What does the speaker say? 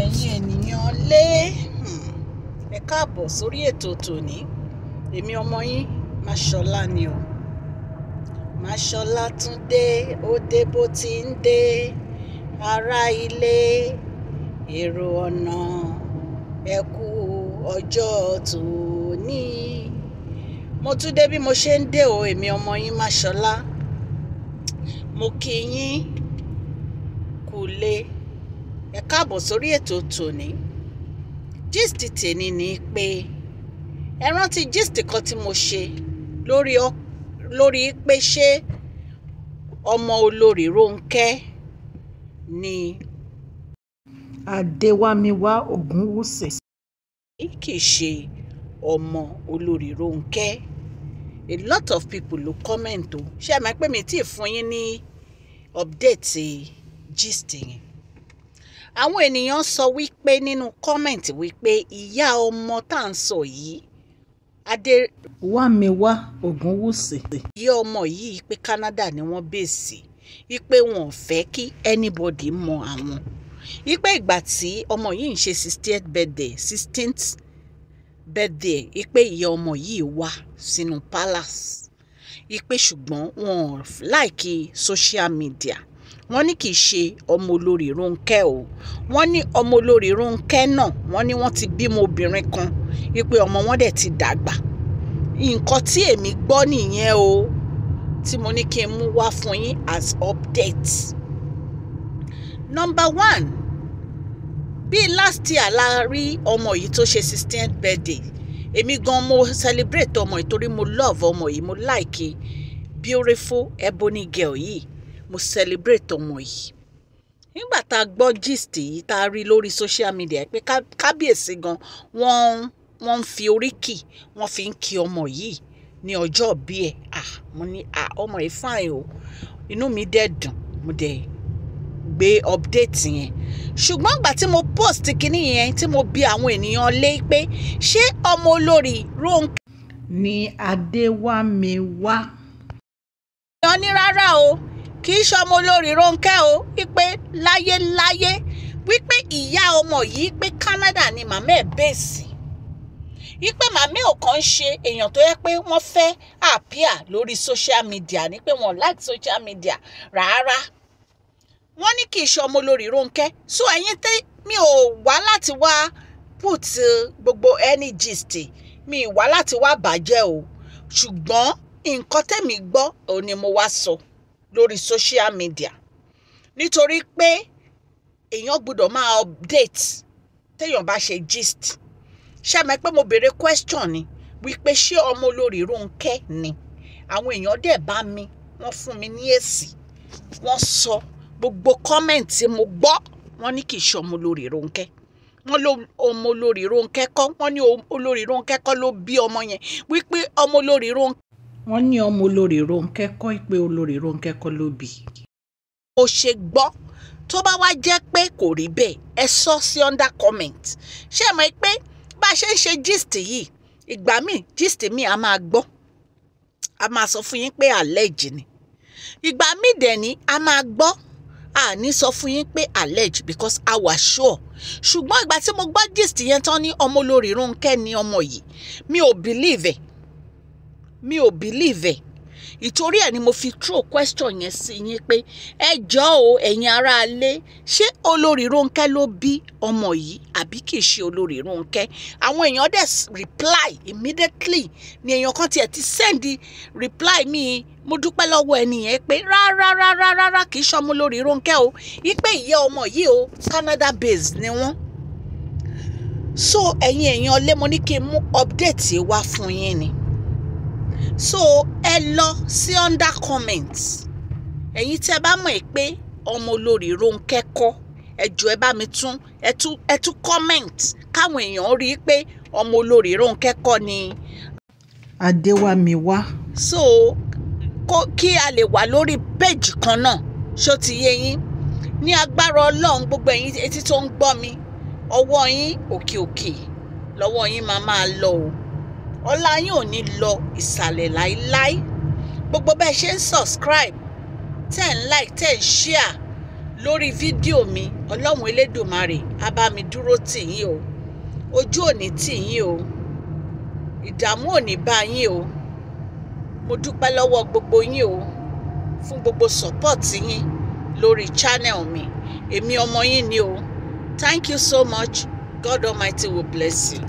ẹ̀yin ènìyàn lé hmm, ẹ káàbọ̀ sórí ètò tòní èmi ọmọ yín máṣọlá ni o máṣọlá tún dé ó dé bó ti ń dé ará ilé èrò ọ̀nà ẹ ọjọ́ tòní mo tún dé bí mo ṣe ń dé o èmi ọmọ yín máṣọlá mo kí yín kú lé ẹ káàbọ̀ sórí ètò tòní gist tèmi ni pé ẹ rántí gist kan tí mo ṣe lórí lórí pé ṣé ọmọ olórí Rónkẹ́ ni. Adéwàmíwá Ògúnwùsì. kì í ṣe ọmọ olórí Rónkẹ́ a lot of people ló comment o ṣé ẹ máa pè mí tí ì fún yín ní update gist yẹn àwọn ènìyàn sọ wípé nínú kọ́mẹ̀ǹtì wípé ìyá ọmọ tá à ń sọ yìí adé. wàmíwá ògúnwùsì. ìyá ọmọ yìí pé Canada ni wọ́n bèsì wípé wọn ò fẹ́ kí anybody mọ àwọn wípé ìgbà tí ọmọ yìí ń ṣe sixteenth birthday sixteenth birthday wípé ìyá ọmọ yìí wá sínú palace wípé ṣùgbọ́n wọn ò láìkí social media wọ́n ní kì í ṣe ọmọ olórí Rónkẹ́ o wọ́n ní ọmọ olórí Rónkẹ́ náà wọ́n ní wọ́n ti bímọ obìnrin kan wípé ọmọ wọn dẹ̀ ti dàgbà nǹkan tí èmi gbọ́ nìyẹn o tí mo ní kí n mú wá fún yín as update number one bíi last year la rí ọmọ yìí tó ṣe sixteenth birthday èmi gan mo celebrate ọmọ yìí torí mo love ọmọ yìí mo like e. beautiful ebony girl yìí mo celebrate ọmọ yìí nígbà tá a gbọ́ gist yìí tá a rí lórí social media pé kábíyèsí gan wọ́n wọ́n ń fi oríkì wọ́n fi ń kí ọmọ yìí ní ọjọ́ bí ẹ̀ ah mo ní ah ọmọ yìí fine o inú mi dẹ̀ dùn mo dẹ̀ gbé update yẹn ṣùgbọ́n ìgbà tí mo post kinní yẹn tí mo bi àwọn ènìyàn lé pé ṣé ọmọ olórí Ronke. ni adéwámiwá. ìyọ́n ní rárá o kì í ṣọmọ olórí Rónkẹ́ o wípé láyéláyé wípé ìyá ọmọ yìí pé Canada ni màmá ẹ̀ bèèsì wípé màmá ò kàn ń ṣe èèyàn tó yẹ pé wọ́n fẹ́ àpíà lórí social media ni pé wọ́n like social media rárá wọ́n ní kì í ṣọmọ olórí Rónkẹ́ so ẹ̀yin tẹ́ mi ò wá láti wá put gbogbo any gist mi ì wá láti wá bàjẹ́ o ṣùgbọ́n nǹkan tẹ̀mí gbọ́ òun ni mo wá sọ. So lórí social media nítorí pé èèyàn gbọ́dọ̀ máa update téèyàn bá ṣe gist ṣàmì pé mo béèrè question ni wípé ṣé ọmọ olórí Rónkẹ́ ni àwọn èèyàn dẹ̀ bá mi wọ́n fún mi ní èsì wọ́n sọ gbogbo kọ́mẹ̀ǹtì mo gbọ́ wọ́n ní kì í ṣe ọmọ olórí Rónkẹ́ wọ́n ló ọmọ olórí Rónkẹ́ kọ́ wọ́n ní olórí Rónkẹ́ kọ́ ló bí ọmọ yẹn wípé ọmọ olórí Rónkẹ́ wọ́n ní ọmọ olórí Ronke kọ́ ìpè olórí Ronke kọ́ ló bí. ó ṣe gbọ́ tó bá wá jẹ́ pé kò rí bẹ́ẹ̀ ẹ sọ sí under comment ṣé ẹ mọ̀ pé bá a ṣe ń ṣe gist yìí ìgbà míì gist míì a máa gbọ́ a máa sọ fún yín pé allege ni ìgbà míì dẹ̀ ni a máa gbọ́ a ní sọ fún yín pé allege because a wà sure ṣùgbọ́n ìgbà tí mo gbọ́ gist yẹn tán ní ọmọ olórí Ronke ni ọmọ yìí mi ò believe ẹ̀ mi ò believe ẹ̀ ìtorí ẹ̀ ni mo fi throw question yẹn sí yín pé ẹ jọ̀ọ́ o ẹ̀yin aráalé ṣé olórí Rónkẹ́ ló bí ọmọ yìí àbí kì í ṣe olórí Rónkẹ́ àwọn èèyàn dẹ̀ reply immediately ni èèyàn kan tiẹ̀ ti send reply mi mo dúpẹ́ lọ́wọ́ ẹnìyẹn pé rárárárárá kì í ṣọmú olórí Rónkẹ́ o ipe ìyá ọmọ yìí o Canada base ni wọn. so ẹ̀yin èèyàn lé mo ní kí n mú update wá fún yín ni so ẹ lọ sí under comments ẹ̀yin tẹ́ bá mọ̀ ẹ́ pé ọmọ olórí Rónkẹ́ kọ́ ẹ jọ̀ọ́ ẹ bá mi tún ẹ tún comment káwọn èèyàn rí i pé ọmọ olórí Rónkẹ́ kọ́ ni. Adéwàmíwá. so kó kí a lè wà lórí page kan náà ṣó ti yé yín ní agbára ọlọ́run gbogbo ẹ̀yin etí tó ń gbọ́ mi ọwọ́ yín òkè òkè lọ́wọ́ yín máa máa lọ o ọlá yín ò ní lọ ìsàlẹ̀ láíláí gbogbo bẹ́ẹ̀ ṣe ń subscribe tẹ́ ń like tẹ́ ń share lórí fídíò mi ọlọ́run elédùnmarè á bá mi dúró tì yín o ojú ò ní tì yín o ìdààmú ò ní bá yín o mo dúpẹ́ lọ́wọ́ gbogbo yín o fún gbogbo support yín lórí channel mi èmi ọmọ yín ni o thank you so much God Almighty will bless you.